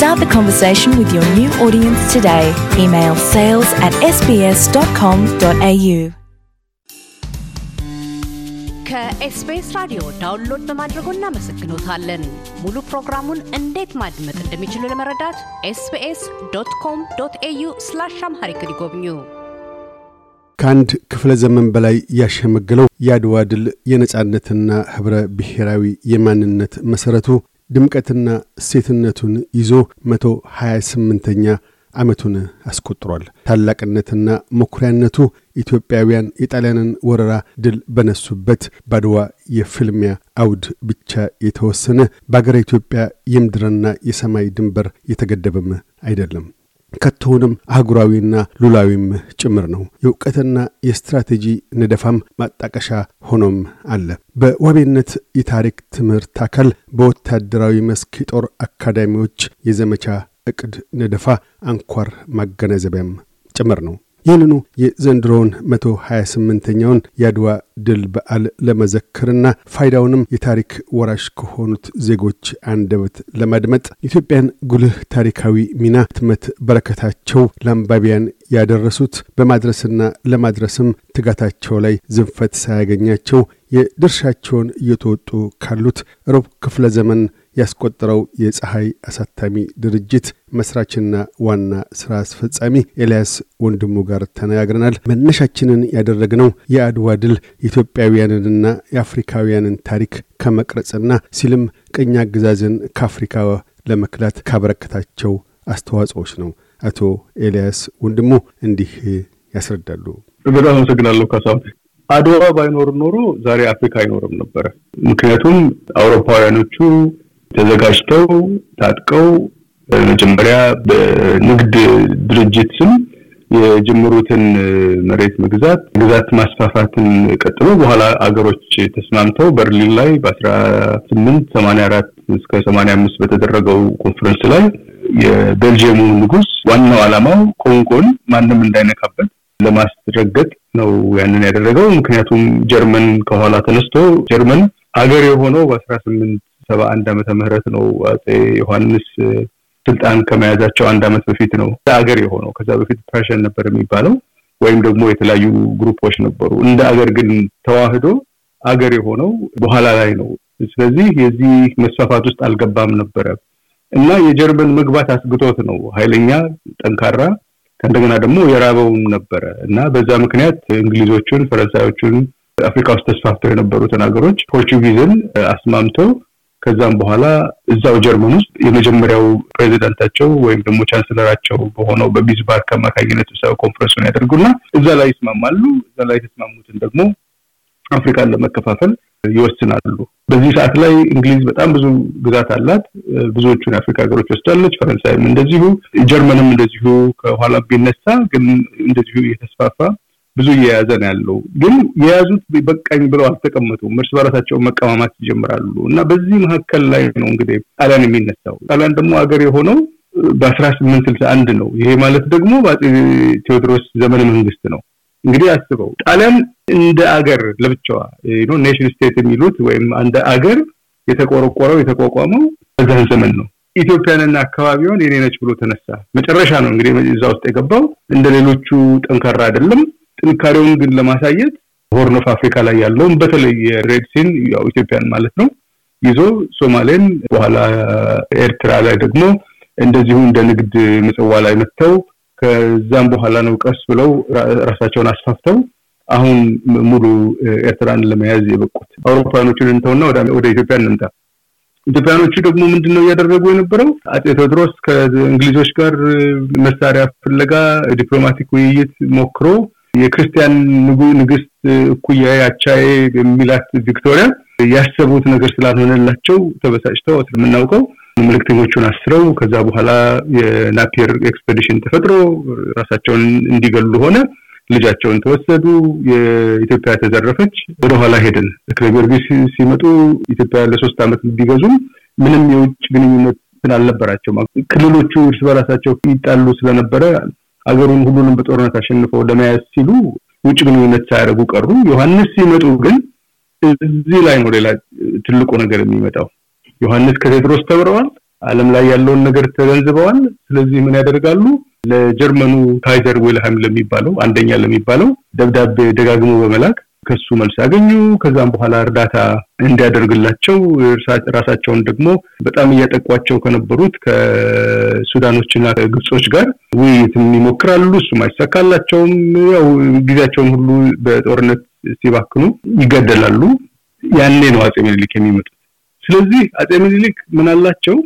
Start the conversation with your new audience today. Email sales at sbs.com.au ከኤስቢኤስ ራዲዮ ዳውንሎድ በማድረጎ እናመሰግኖታለን። ሙሉ ፕሮግራሙን እንዴት ማድመጥ እንደሚችሉ ለመረዳት ኤስቢኤስ ዶት ኮም ዶት ኤዩ ስላሽ አምሃሪክ ይጎብኙ። ከአንድ ክፍለ ዘመን በላይ ያሸመገለው የአድዋ ድል የነጻነትና ህብረ ብሔራዊ የማንነት መሠረቱ ድምቀትና እሴትነቱን ይዞ መቶ ሀያ ስምንተኛ ዓመቱን አስቆጥሯል። ታላቅነትና መኩሪያነቱ ኢትዮጵያውያን የጣሊያንን ወረራ ድል በነሱበት ባድዋ የፍልሚያ አውድ ብቻ የተወሰነ በአገረ ኢትዮጵያ የምድርና የሰማይ ድንበር የተገደበም አይደለም። ከቶውንም አህጉራዊና ሉላዊም ጭምር ነው። የእውቀትና የስትራቴጂ ንደፋም ማጣቀሻ ሆኖም አለ። በዋቤነት የታሪክ ትምህርት አካል በወታደራዊ መስክ የጦር አካዳሚዎች የዘመቻ እቅድ ንደፋ አንኳር ማገናዘቢያም ጭምር ነው። ይህንኑ የዘንድሮውን መቶ 28ኛውን የአድዋ ድል በዓል ለመዘክርና ፋይዳውንም የታሪክ ወራሽ ከሆኑት ዜጎች አንደበት ለማድመጥ ኢትዮጵያን ጉልህ ታሪካዊ ሚና ህትመት በረከታቸው ለአንባቢያን ያደረሱት በማድረስና ለማድረስም ትጋታቸው ላይ ዝንፈት ሳያገኛቸው የድርሻቸውን እየተወጡ ካሉት ሩብ ክፍለ ዘመን ያስቆጠረው የፀሐይ አሳታሚ ድርጅት መስራችና ዋና ስራ አስፈጻሚ ኤልያስ ወንድሙ ጋር ተነጋግረናል። መነሻችንን ያደረግነው የአድዋ ድል የኢትዮጵያውያንንና የአፍሪካውያንን ታሪክ ከመቅረጽና ሲልም ቅኝ አገዛዝን ከአፍሪካ ለመክላት ካበረከታቸው አስተዋጽኦች ነው። አቶ ኤልያስ ወንድሙ እንዲህ ያስረዳሉ። በጣም አመሰግናለሁ ካሳሁን። አድዋ ባይኖር ኖሮ ዛሬ አፍሪካ አይኖርም ነበረ። ምክንያቱም አውሮፓውያኖቹ ተዘጋጅተው ታጥቀው መጀመሪያ በንግድ ድርጅት ስም የጀመሩትን መሬት መግዛት ግዛት ማስፋፋትን ቀጥሎ በኋላ አገሮች ተስማምተው በርሊን ላይ በ 1884 እስከ 85 በተደረገው ኮንፈረንስ ላይ የቤልጅየሙ ንጉስ ዋናው ዓላማው ኮንጎን ማንም እንዳይነካበት ለማስረገጥ ነው ያንን ያደረገው። ምክንያቱም ጀርመን ከኋላ ተነስቶ ጀርመን አገር የሆነው በአስራ ስምንት ሰባ አንድ ዓመተ ምህረት ነው አጼ ዮሐንስ ስልጣን ከመያዛቸው አንድ ዓመት በፊት ነው አገር የሆነው። ከዛ በፊት ፐርሽን ነበር የሚባለው ወይም ደግሞ የተለያዩ ግሩፖች ነበሩ። እንደ አገር ግን ተዋህዶ አገር የሆነው በኋላ ላይ ነው። ስለዚህ የዚህ መስፋፋት ውስጥ አልገባም ነበረ እና የጀርመን መግባት አስግቶት ነው ኃይለኛ ጠንካራ ከእንደገና ደግሞ የራበውም ነበረ እና በዛ ምክንያት እንግሊዞቹን፣ ፈረንሳዮቹን አፍሪካ ውስጥ ተስፋፍተው የነበሩትን ሀገሮች ፖርቹጊዝን አስማምተው ከዛም በኋላ እዛው ጀርመን ውስጥ የመጀመሪያው ፕሬዚዳንታቸው ወይም ደግሞ ቻንስለራቸው በሆነው በቢዝባርክ አማካኝነት ሰ ኮንፈረንሱን ያደርጉና እዛ ላይ ይስማማሉ። እዛ ላይ የተስማሙትን ደግሞ አፍሪካን ለመከፋፈል ይወስናሉ። በዚህ ሰዓት ላይ እንግሊዝ በጣም ብዙ ግዛት አላት። ብዙዎቹን የአፍሪካ ሀገሮች ወስዳለች። ፈረንሳይም እንደዚሁ፣ ጀርመንም እንደዚሁ ከኋላ ቢነሳ ግን እንደዚሁ እየተስፋፋ ብዙ እየያዘ ነው ያለው። ግን የያዙት በቃኝ ብለው አልተቀመጡም። እርስ በራሳቸው መቀማማት ይጀምራሉ። እና በዚህ መካከል ላይ ነው እንግዲህ ጣሊያን የሚነሳው። ጣሊያን ደግሞ ሀገር የሆነው በአስራ ስምንት ስልሳ አንድ ነው። ይሄ ማለት ደግሞ በአጼ ቴዎድሮስ ዘመን መንግስት ነው። እንግዲህ አስበው ጣሊያን እንደ አገር ለብቻዋ ኔሽን ስቴት የሚሉት ወይም እንደ አገር የተቆረቆረው የተቋቋመው በዛን ዘመን ነው። ኢትዮጵያንና አካባቢዋን የኔ ነች ብሎ ተነሳ። መጨረሻ ነው እንግዲህ እዛ ውስጥ የገባው። እንደ ሌሎቹ ጠንካራ አይደለም። ጥንካሬውን ግን ለማሳየት ሆርን ኦፍ አፍሪካ ላይ ያለውን በተለይ ሬድሲን ያው ኢትዮጵያን ማለት ነው ይዞ ሶማሌን በኋላ ኤርትራ ላይ ደግሞ እንደዚሁ እንደ ንግድ ምጽዋ ላይ መጥተው ከዛም በኋላ ነው ቀስ ብለው ራሳቸውን አስፋፍተው አሁን ሙሉ ኤርትራን ለመያዝ የበቁት። አውሮፓኖችን እንተውና ወደ ኢትዮጵያ እንምጣ። ኢትዮጵያኖቹ ደግሞ ምንድን ነው እያደረጉ የነበረው? አፄ ቴዎድሮስ ከእንግሊዞች ጋር መሳሪያ ፍለጋ ዲፕሎማቲክ ውይይት ሞክሮ የክርስቲያን ንጉ- ንግስት እኩያ አቻዬ የሚላት ቪክቶሪያ ያሰቡት ነገር ስላልሆነላቸው ተበሳጭተው ስለምናውቀው ምልክተኞቹን አስረው ከዛ በኋላ የናፒር ኤክስፔዲሽን ተፈጥሮ ራሳቸውን እንዲገሉ ሆነ። ልጃቸውን ተወሰዱ። የኢትዮጵያ ተዘረፈች። ወደኋላ ሄድን። ተክለ ሲመጡ ኢትዮጵያ ለሶስት ዓመት ቢገዙም ምንም የውጭ ግንኙነት አልነበራቸውም። ክልሎቹ እርስ በራሳቸው ይጣሉ ስለነበረ አገሩን ሁሉንም በጦርነት አሸንፈው ለመያዝ ሲሉ ውጭ ግንኙነት ሳያደርጉ ቀሩ። ዮሐንስ ሲመጡ ግን እዚህ ላይ ነው ሌላ ትልቁ ነገር የሚመጣው። ዮሐንስ ከቴድሮስ ተምረዋል። ዓለም ላይ ያለውን ነገር ተገንዝበዋል። ስለዚህ ምን ያደርጋሉ? ለጀርመኑ ካይዘር ዊልሃም ለሚባለው አንደኛ ለሚባለው ደብዳቤ ደጋግሞ በመላክ ከሱ መልስ ያገኙ፣ ከዛም በኋላ እርዳታ እንዲያደርግላቸው ራሳቸውን ደግሞ በጣም እያጠቋቸው ከነበሩት ከሱዳኖችና ከግብጾች ጋር ውይይትም ይሞክራሉ። እሱም አይሳካላቸውም። ያው ጊዜያቸውን ሁሉ በጦርነት ሲባክኑ ይገደላሉ። ያኔ ነው አጼ ምኒልክ የሚመጡት። ስለዚህ አጼ ምኒልክ ምን አላቸው?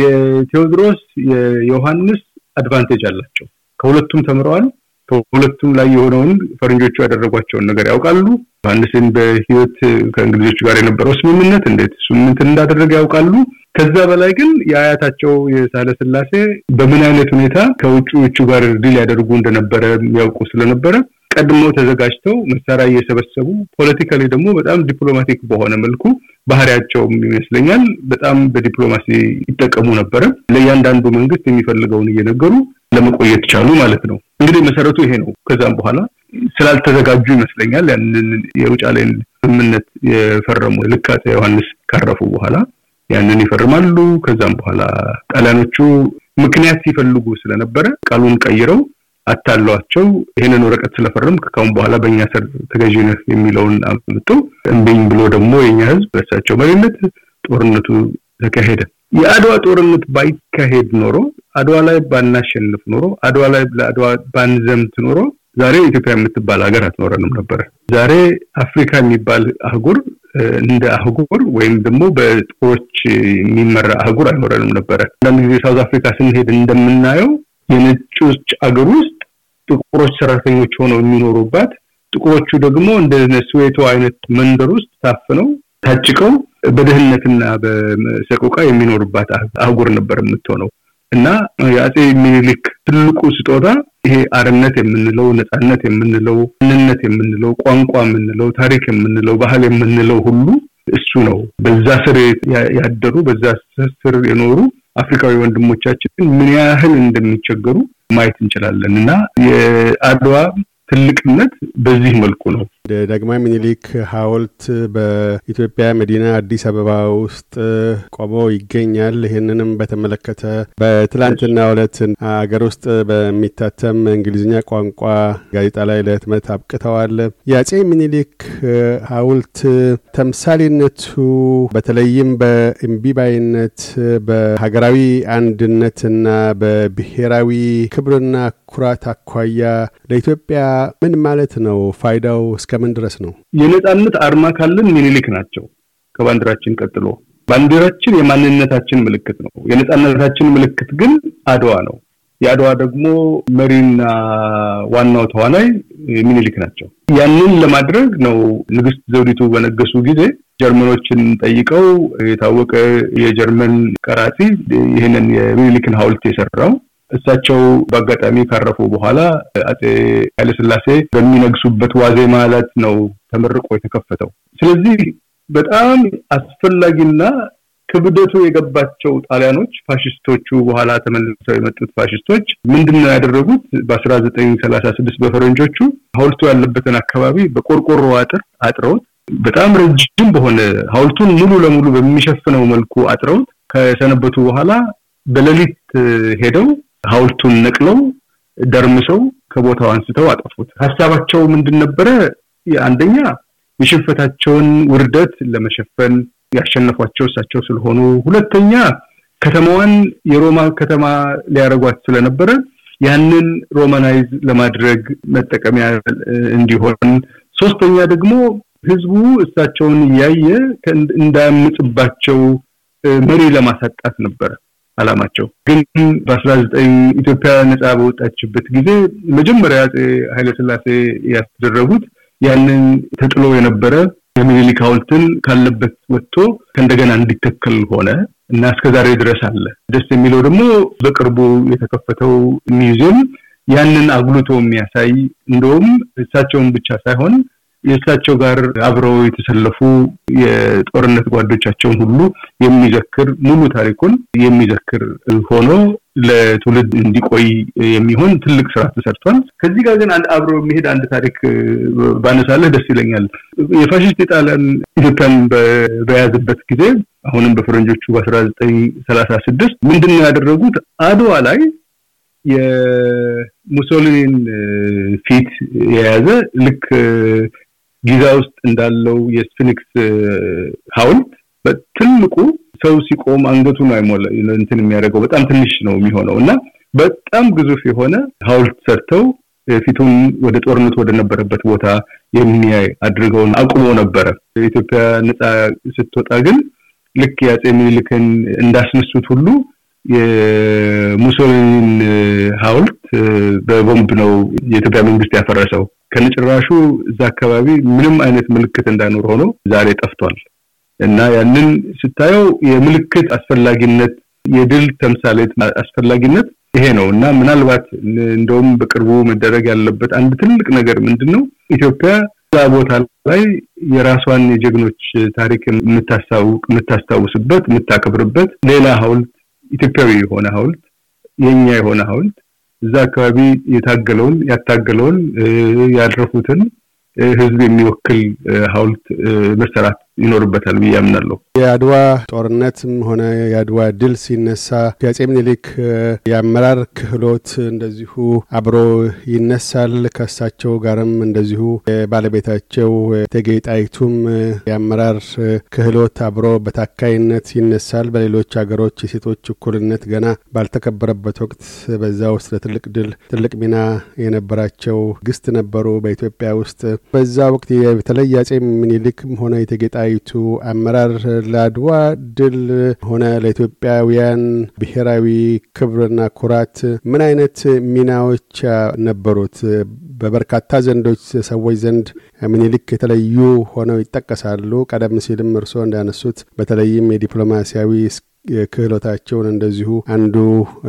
የቴዎድሮስ የዮሐንስ አድቫንቴጅ አላቸው። ከሁለቱም ተምረዋል። በሁለቱም ላይ የሆነውን ፈረንጆቹ ያደረጓቸውን ነገር ያውቃሉ። ዮሐንስን በህይወት ከእንግሊዞች ጋር የነበረው ስምምነት እንዴት ስምምነት እንዳደረገ ያውቃሉ። ከዛ በላይ ግን የአያታቸው የሳለ ስላሴ በምን አይነት ሁኔታ ከውጭዎቹ ጋር ድል ያደርጉ እንደነበረ ያውቁ ስለነበረ ቀድመው ተዘጋጅተው መሳሪያ እየሰበሰቡ ፖለቲካሊ ደግሞ በጣም ዲፕሎማቲክ በሆነ መልኩ ባህሪያቸውም ይመስለኛል በጣም በዲፕሎማሲ ይጠቀሙ ነበረ። ለእያንዳንዱ መንግስት የሚፈልገውን እየነገሩ ለመቆየት ቻሉ ማለት ነው። እንግዲህ መሰረቱ ይሄ ነው። ከዛም በኋላ ስላልተዘጋጁ ይመስለኛል ያንን የውጫሌን ስምምነት የፈረሙ ልክ ዮሐንስ ካረፉ በኋላ ያንን ይፈርማሉ። ከዛም በኋላ ጣሊያኖቹ ምክንያት ሲፈልጉ ስለነበረ ቃሉን ቀይረው አታሏቸው ይህንን ወረቀት ስለፈረም ከካሁን በኋላ በእኛ ስር ተገዥነት የሚለውን አምጡ እምቢኝ ብሎ ደግሞ የኛ ህዝብ በእሳቸው መሪነት ጦርነቱ ተካሄደ። የአድዋ ጦርነት ባይካሄድ ኖሮ አድዋ ላይ ባናሸንፍ ኖሮ አድዋ ላይ ለአድዋ ባንዘምት ኖሮ ዛሬ ኢትዮጵያ የምትባል ሀገር አትኖረንም ነበረ። ዛሬ አፍሪካ የሚባል አህጉር እንደ አህጉር ወይም ደግሞ በጦሮች የሚመራ አህጉር አይኖረንም ነበረ። አንዳንድ ጊዜ ሳውዝ አፍሪካ ስንሄድ እንደምናየው የነጮች አገር ውስጥ ጥቁሮች ሰራተኞች ሆነው የሚኖሩባት ጥቁሮቹ ደግሞ እንደ ስዌቶ አይነት መንደር ውስጥ ታፍነው ታጭቀው በድህነትና በሰቆቃ የሚኖሩባት አህጉር ነበር የምትሆነው እና የአጼ ሚኒሊክ ትልቁ ስጦታ ይሄ አርነት የምንለው ነፃነት የምንለው ምንነት የምንለው ቋንቋ የምንለው ታሪክ የምንለው ባህል የምንለው ሁሉ እሱ ነው። በዛ ስር ያደሩ በዛ ስር የኖሩ አፍሪካዊ ወንድሞቻችን ምን ያህል እንደሚቸገሩ ማየት እንችላለን እና የአድዋ ትልቅነት በዚህ መልኩ ነው የዳግማዊ ምኒልክ ሐውልት በኢትዮጵያ መዲና አዲስ አበባ ውስጥ ቆሞ ይገኛል። ይህንንም በተመለከተ በትላንትና ዕለት አገር ውስጥ በሚታተም እንግሊዝኛ ቋንቋ ጋዜጣ ላይ ለህትመት አብቅተዋል። የአጼ ምኒልክ ሐውልት ተምሳሌነቱ በተለይም በእምቢባይነት በሀገራዊ አንድነትና በብሔራዊ ክብርና ኩራት አኳያ ለኢትዮጵያ ምን ማለት ነው? ፋይዳው እስከ እስከምን ድረስ ነው? የነጻነት አርማ ካለን ሚኒሊክ ናቸው ከባንዲራችን ቀጥሎ። ባንዲራችን የማንነታችን ምልክት ነው። የነጻነታችን ምልክት ግን አድዋ ነው። የአድዋ ደግሞ መሪና ዋናው ተዋናይ ሚኒሊክ ናቸው። ያንን ለማድረግ ነው ንግስት ዘውዲቱ በነገሱ ጊዜ ጀርመኖችን ጠይቀው የታወቀ የጀርመን ቀራጺ ይህንን የሚኒሊክን ሐውልት የሰራው እሳቸው በአጋጣሚ ካረፉ በኋላ አጼ ኃይለስላሴ በሚነግሱበት ዋዜ ማለት ነው ተመርቆ የተከፈተው። ስለዚህ በጣም አስፈላጊና ክብደቱ የገባቸው ጣሊያኖች ፋሽስቶቹ በኋላ ተመልሰው የመጡት ፋሽስቶች ምንድን ነው ያደረጉት? በአስራ ዘጠኝ ሰላሳ ስድስት በፈረንጆቹ ሀውልቱ ያለበትን አካባቢ በቆርቆሮ አጥር አጥረውት በጣም ረጅም በሆነ ሀውልቱን ሙሉ ለሙሉ በሚሸፍነው መልኩ አጥረውት ከሰነበቱ በኋላ በሌሊት ሄደው ሀውልቱን ነቅለው ደርምሰው ከቦታው አንስተው አጠፉት። ሀሳባቸው ምንድን ነበረ? አንደኛ የሽንፈታቸውን ውርደት ለመሸፈን ያሸነፏቸው እሳቸው ስለሆኑ፣ ሁለተኛ ከተማዋን የሮማ ከተማ ሊያደርጓት ስለነበረ ያንን ሮማናይዝ ለማድረግ መጠቀሚያ እንዲሆን፣ ሶስተኛ ደግሞ ህዝቡ እሳቸውን እያየ እንዳያምፅባቸው መሪ ለማሳጣት ነበረ። አላማቸው ግን በአስራ ዘጠኝ ኢትዮጵያ ነጻ በወጣችበት ጊዜ መጀመሪያ አጼ ኃይለስላሴ ያስደረጉት ያንን ተጥሎ የነበረ የሚኒሊክ ሀውልትን ካለበት ወጥቶ ከእንደገና እንዲተከል ሆነ እና እስከ ዛሬ ድረስ አለ። ደስ የሚለው ደግሞ በቅርቡ የተከፈተው ሚዚየም ያንን አጉልቶ የሚያሳይ እንደውም እሳቸውን ብቻ ሳይሆን የእሳቸው ጋር አብረው የተሰለፉ የጦርነት ጓዶቻቸውን ሁሉ የሚዘክር ሙሉ ታሪኩን የሚዘክር ሆኖ ለትውልድ እንዲቆይ የሚሆን ትልቅ ስራ ተሰርቷል። ከዚህ ጋር ግን አንድ አብሮ የሚሄድ አንድ ታሪክ ባነሳለህ ደስ ይለኛል። የፋሽስት የጣሊያን ኢትዮጵያን በያዝበት ጊዜ አሁንም በፈረንጆቹ በአስራ ዘጠኝ ሰላሳ ስድስት ምንድን ነው ያደረጉት? አድዋ ላይ የሙሶሊኒን ፊት የያዘ ልክ ጊዛ ውስጥ እንዳለው የስፊንክስ ሀውልት በትልቁ ሰው ሲቆም አንገቱን አይሞላ እንትን የሚያደርገው በጣም ትንሽ ነው የሚሆነው እና በጣም ግዙፍ የሆነ ሀውልት ሰርተው ፊቱን ወደ ጦርነት ወደነበረበት ቦታ የሚያይ አድርገውን አቁሞ ነበረ። ኢትዮጵያ ነፃ ስትወጣ ግን ልክ የአፄ ምኒልክን እንዳስነሱት ሁሉ የሙሶሊኒን ሀውልት በቦምብ ነው የኢትዮጵያ መንግስት ያፈረሰው። ከነጭራሹ እዛ አካባቢ ምንም አይነት ምልክት እንዳይኖር ሆኖ ዛሬ ጠፍቷል እና ያንን ስታየው የምልክት አስፈላጊነት የድል ተምሳሌት አስፈላጊነት ይሄ ነው እና ምናልባት እንደውም በቅርቡ መደረግ ያለበት አንድ ትልቅ ነገር ምንድን ነው ኢትዮጵያ እዛ ቦታ ላይ የራሷን የጀግኖች ታሪክ የምታስታውቅ የምታስታውስበት የምታከብርበት ሌላ ሀውልት ኢትዮጵያዊ የሆነ ሀውልት የኛ የሆነ ሀውልት እዛ አካባቢ የታገለውን ያታገለውን ያደረፉትን ህዝብ የሚወክል ሀውልት መሰራት ይኖሩበታል ብዬ አምናለሁ። የአድዋ ጦርነትም ሆነ የአድዋ ድል ሲነሳ የአጼ ምኒልክ የአመራር ክህሎት እንደዚሁ አብሮ ይነሳል። ከእሳቸው ጋርም እንደዚሁ የባለቤታቸው እቴጌ ጣይቱም የአመራር ክህሎት አብሮ በታካይነት ይነሳል። በሌሎች ሀገሮች የሴቶች እኩልነት ገና ባልተከበረበት ወቅት በዛ ውስጥ ለትልቅ ድል ትልቅ ሚና የነበራቸው ግስት ነበሩ። በኢትዮጵያ ውስጥ በዛ ወቅት በተለይ የአጼ ምኒልክም ሆነ የእቴጌ ጣይቱ አመራር ለአድዋ ድል ሆነ ለኢትዮጵያውያን ብሔራዊ ክብርና ኩራት ምን አይነት ሚናዎች ነበሩት? በበርካታ ዘንዶች ሰዎች ዘንድ ምኒልክ የተለዩ ሆነው ይጠቀሳሉ። ቀደም ሲልም እርስዎ እንዳነሱት በተለይም የዲፕሎማሲያዊ ክህሎታቸውን እንደዚሁ አንዱ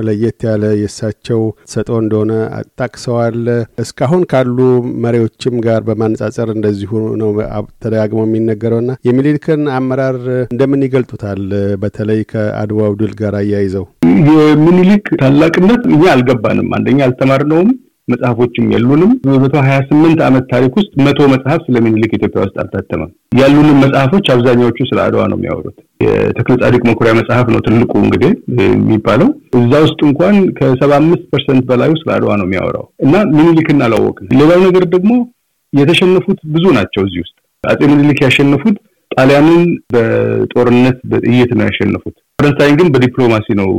ለየት ያለ የእሳቸው ሰጦ እንደሆነ አጣቅሰዋል። እስካሁን ካሉ መሪዎችም ጋር በማነጻጸር እንደዚሁ ነው ተደጋግሞ የሚነገረውና የሚኒልክን አመራር እንደምን ይገልጡታል? በተለይ ከአድዋው ድል ጋር አያይዘው የሚኒሊክ ታላቅነት እኛ አልገባንም። አንደኛ አልተማርነውም። መጽሐፎችም የሉንም። በመቶ ሀያ ስምንት ዓመት ታሪክ ውስጥ መቶ መጽሐፍ ስለሚኒልክ ኢትዮጵያ ውስጥ አልታተመም። ያሉንም መጽሐፎች አብዛኛዎቹ ስለ አድዋ ነው የሚያወሩት። የተክለ ጻድቅ መኩሪያ መጽሐፍ ነው ትልቁ እንግዲህ የሚባለው። እዛ ውስጥ እንኳን ከሰባ አምስት ፐርሰንት በላዩ ስለ አድዋ ነው የሚያወራው እና ሚኒልክን አላወቅን። ሌላው ነገር ደግሞ የተሸነፉት ብዙ ናቸው። እዚህ ውስጥ አጼ ሚኒልክ ያሸነፉት ጣሊያንን በጦርነት በጥይት ነው ያሸነፉት። ፈረንሳይን ግን በዲፕሎማሲ ነው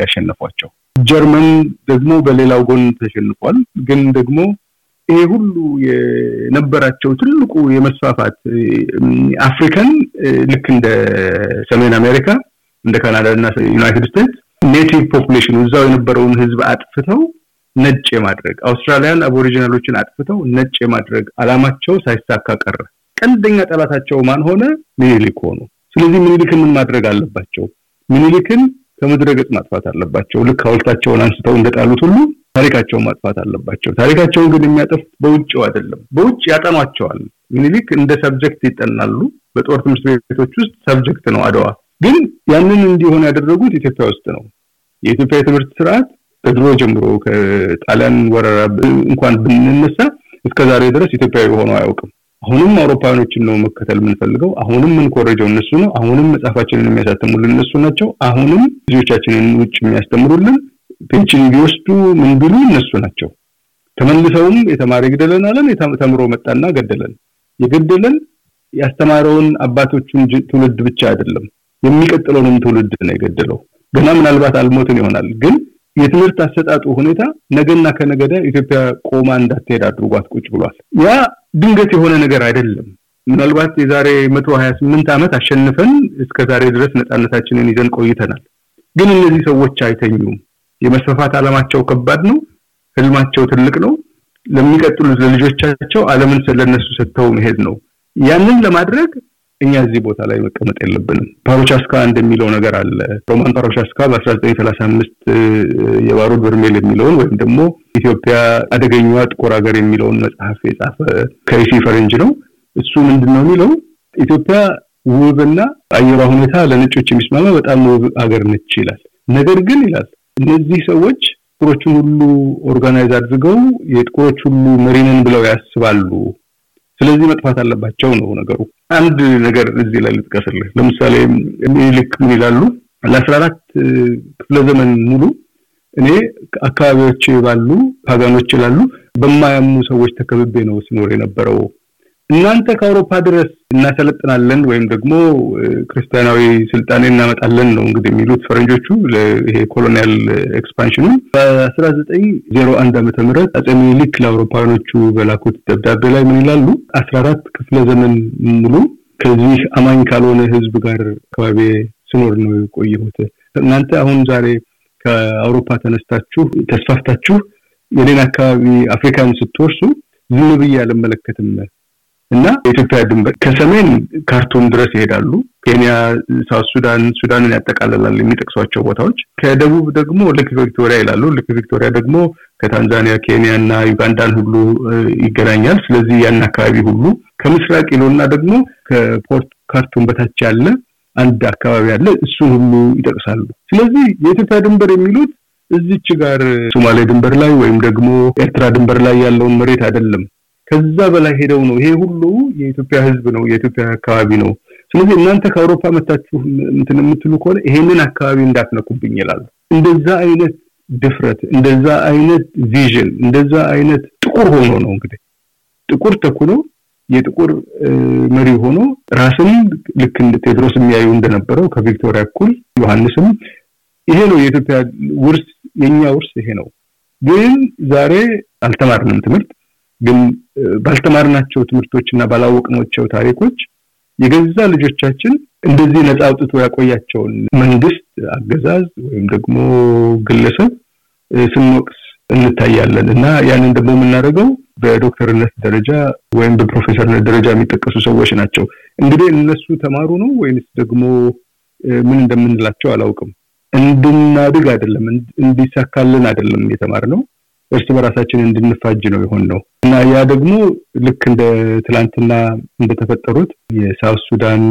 ያሸነፏቸው። ጀርመን ደግሞ በሌላው ጎን ተሸንፏል። ግን ደግሞ ይሄ ሁሉ የነበራቸው ትልቁ የመስፋፋት አፍሪካን ልክ እንደ ሰሜን አሜሪካ እንደ ካናዳ እና ዩናይትድ ስቴትስ ኔቲቭ ፖፕሌሽን እዛው የነበረውን ህዝብ አጥፍተው ነጭ የማድረግ አውስትራሊያን አቦሪጂናሎችን አጥፍተው ነጭ የማድረግ አላማቸው ሳይሳካ ቀረ። ቀንደኛ ጠላታቸው ማን ሆነ? ሚኒሊክ ሆኑ። ስለዚህ ምኒልክን ምን ማድረግ አለባቸው? ምኒልክን ከምድረ ገጽ ማጥፋት አለባቸው። ልክ ሀውልታቸውን አንስተው እንደጣሉት ሁሉ ታሪካቸውን ማጥፋት አለባቸው። ታሪካቸውን ግን የሚያጠፉት በውጭው አይደለም። በውጭ ያጠኗቸዋል። ምኒልክ እንደ ሰብጀክት ይጠናሉ። በጦር ትምህርት ቤቶች ውስጥ ሰብጀክት ነው አድዋ። ግን ያንን እንዲሆን ያደረጉት ኢትዮጵያ ውስጥ ነው። የኢትዮጵያ የትምህርት ስርዓት ከድሮ ጀምሮ ከጣሊያን ወረራ እንኳን ብንነሳ እስከዛሬ ድረስ ኢትዮጵያዊ ሆኖ አያውቅም። አሁንም አውሮፓውያኖችን ነው መከተል የምንፈልገው። አሁንም የምንኮረጀው እነሱ ነው። አሁንም መጽሐፋችንን የሚያሳትሙልን እነሱ ናቸው። አሁንም ልጆቻችንን ውጭ የሚያስተምሩልን ፔንችን ቢወስዱ ምን ቢሉ እነሱ ናቸው። ተመልሰውም የተማሪ ግደለን አለን። ተምሮ መጣና ገደለን። የገደለን ያስተማረውን አባቶቹን ትውልድ ብቻ አይደለም የሚቀጥለውንም ትውልድ ነው የገደለው። ገና ምናልባት አልሞትን ይሆናል ግን የትምህርት አሰጣጡ ሁኔታ ነገና ከነገደ ኢትዮጵያ ቆማ እንዳትሄድ አድርጓት ቁጭ ብሏል። ያ ድንገት የሆነ ነገር አይደለም። ምናልባት የዛሬ መቶ ሀያ ስምንት ዓመት አሸንፈን እስከ ዛሬ ድረስ ነፃነታችንን ይዘን ቆይተናል። ግን እነዚህ ሰዎች አይተኙም። የመስፋፋት ዓላማቸው ከባድ ነው። ህልማቸው ትልቅ ነው። ለሚቀጥሉት ለልጆቻቸው ዓለምን ስለነሱ ሰጥተው መሄድ ነው። ያንን ለማድረግ እኛ እዚህ ቦታ ላይ መቀመጥ የለብንም። ፓሮቻስካ እንደሚለው ነገር አለ። ሮማን ፓሮቻስካ በ1935 የባሩድ በርሜል የሚለውን ወይም ደግሞ ኢትዮጵያ አደገኛዋ ጥቁር ሀገር የሚለውን መጽሐፍ የጻፈ ከይሲ ፈረንጅ ነው። እሱ ምንድን ነው የሚለው ኢትዮጵያ ውብና አየሯ ሁኔታ ለነጮች የሚስማማ በጣም ውብ ሀገር ነች ይላል። ነገር ግን ይላል እነዚህ ሰዎች ጥቁሮችን ሁሉ ኦርጋናይዝ አድርገው የጥቁሮች ሁሉ መሪንን ብለው ያስባሉ። ስለዚህ መጥፋት አለባቸው ነው ነገሩ። አንድ ነገር እዚህ ላይ ልጥቀስልህ። ለምሳሌ ምኒልክ ምን ይላሉ? ለአስራ አራት ክፍለ ዘመን ሙሉ እኔ አካባቢዎች ባሉ ፓጋኖች ይላሉ በማያምኑ ሰዎች ተከብቤ ነው ሲኖር የነበረው እናንተ ከአውሮፓ ድረስ እናሰለጥናለን ወይም ደግሞ ክርስቲያናዊ ስልጣኔ እናመጣለን ነው እንግዲህ የሚሉት ፈረንጆቹ ይሄ ኮሎኒያል ኤክስፓንሽኑ በአስራ ዘጠኝ ዜሮ አንድ ዓመተ አጼ ለአውሮፓውያኖቹ በላኩት ደብዳቤ ላይ ምን ይላሉ? አስራ አራት ክፍለ ዘመን ሙሉ ከዚህ አማኝ ካልሆነ ህዝብ ጋር አካባቢ ስኖር ነው የቆየሁት። እናንተ አሁን ዛሬ ከአውሮፓ ተነስታችሁ ተስፋፍታችሁ የኔን አካባቢ አፍሪካን ስትወርሱ ዝም ብዬ አልመለከትም እና የኢትዮጵያ ድንበር ከሰሜን ካርቱም ድረስ ይሄዳሉ። ኬንያ፣ ሳውት ሱዳን፣ ሱዳንን ያጠቃልላል የሚጠቅሷቸው ቦታዎች። ከደቡብ ደግሞ ልክ ቪክቶሪያ ይላሉ። ልክ ቪክቶሪያ ደግሞ ከታንዛኒያ፣ ኬንያ እና ዩጋንዳን ሁሉ ይገናኛል። ስለዚህ ያን አካባቢ ሁሉ ከምስራቅ ይሎና ደግሞ ከፖርት ካርቱም በታች ያለ አንድ አካባቢ አለ። እሱን ሁሉ ይጠቅሳሉ። ስለዚህ የኢትዮጵያ ድንበር የሚሉት እዚች ጋር ሶማሌ ድንበር ላይ ወይም ደግሞ ኤርትራ ድንበር ላይ ያለውን መሬት አይደለም ከዛ በላይ ሄደው ነው ይሄ ሁሉ የኢትዮጵያ ህዝብ ነው የኢትዮጵያ አካባቢ ነው ስለዚህ እናንተ ከአውሮፓ መታችሁ እንትን የምትሉ ከሆነ ይሄንን አካባቢ እንዳትነኩብኝ ይላሉ እንደዛ አይነት ድፍረት እንደዛ አይነት ቪዥን እንደዛ አይነት ጥቁር ሆኖ ነው እንግዲህ ጥቁር ተኩኖ የጥቁር መሪ ሆኖ ራስን ልክ እንደ ቴድሮስ የሚያዩ እንደነበረው ከቪክቶሪያ እኩል ዮሐንስም ይሄ ነው የኢትዮጵያ ውርስ የኛ ውርስ ይሄ ነው ግን ዛሬ አልተማርንም ትምህርት ግን ባልተማርናቸው ትምህርቶችና ባላወቅናቸው ታሪኮች የገዛ ልጆቻችን እንደዚህ ነፃ አውጥቶ ያቆያቸውን መንግስት አገዛዝ ወይም ደግሞ ግለሰብ ስንወቅስ እንታያለን እና ያንን ደግሞ የምናደርገው በዶክተርነት ደረጃ ወይም በፕሮፌሰርነት ደረጃ የሚጠቀሱ ሰዎች ናቸው። እንግዲህ እነሱ ተማሩ ነው ወይንስ ደግሞ ምን እንደምንላቸው አላውቅም። እንድናድግ አይደለም እንዲሳካልን አይደለም የተማር ነው እርስ በራሳችን እንድንፋጅ ነው የሆን ነው እና ያ ደግሞ ልክ እንደ ትላንትና እንደተፈጠሩት የሳውት ሱዳን፣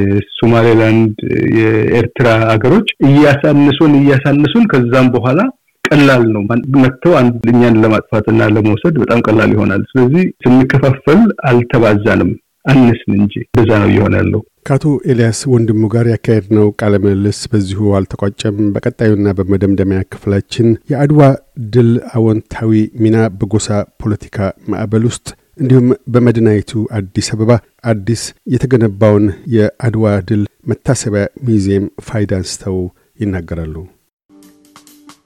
የሶማሌላንድ፣ የኤርትራ ሀገሮች እያሳንሱን እያሳንሱን ከዛም በኋላ ቀላል ነው መጥተው አንድ እኛን ለማጥፋትና ለመውሰድ በጣም ቀላል ይሆናል። ስለዚህ ስንከፋፈል አልተባዛንም። አንስን እንጂ እንደዛ ነው ይሆናለሁ። ከአቶ ኤልያስ ወንድሙ ጋር ያካሄድ ነው ቃለ ምልልስ በዚሁ አልተቋጨም። በቀጣዩና በመደምደሚያ ክፍላችን የአድዋ ድል አዎንታዊ ሚና በጎሳ ፖለቲካ ማዕበል ውስጥ እንዲሁም በመዲናይቱ አዲስ አበባ አዲስ የተገነባውን የአድዋ ድል መታሰቢያ ሙዚየም ፋይዳ አንስተው ይናገራሉ።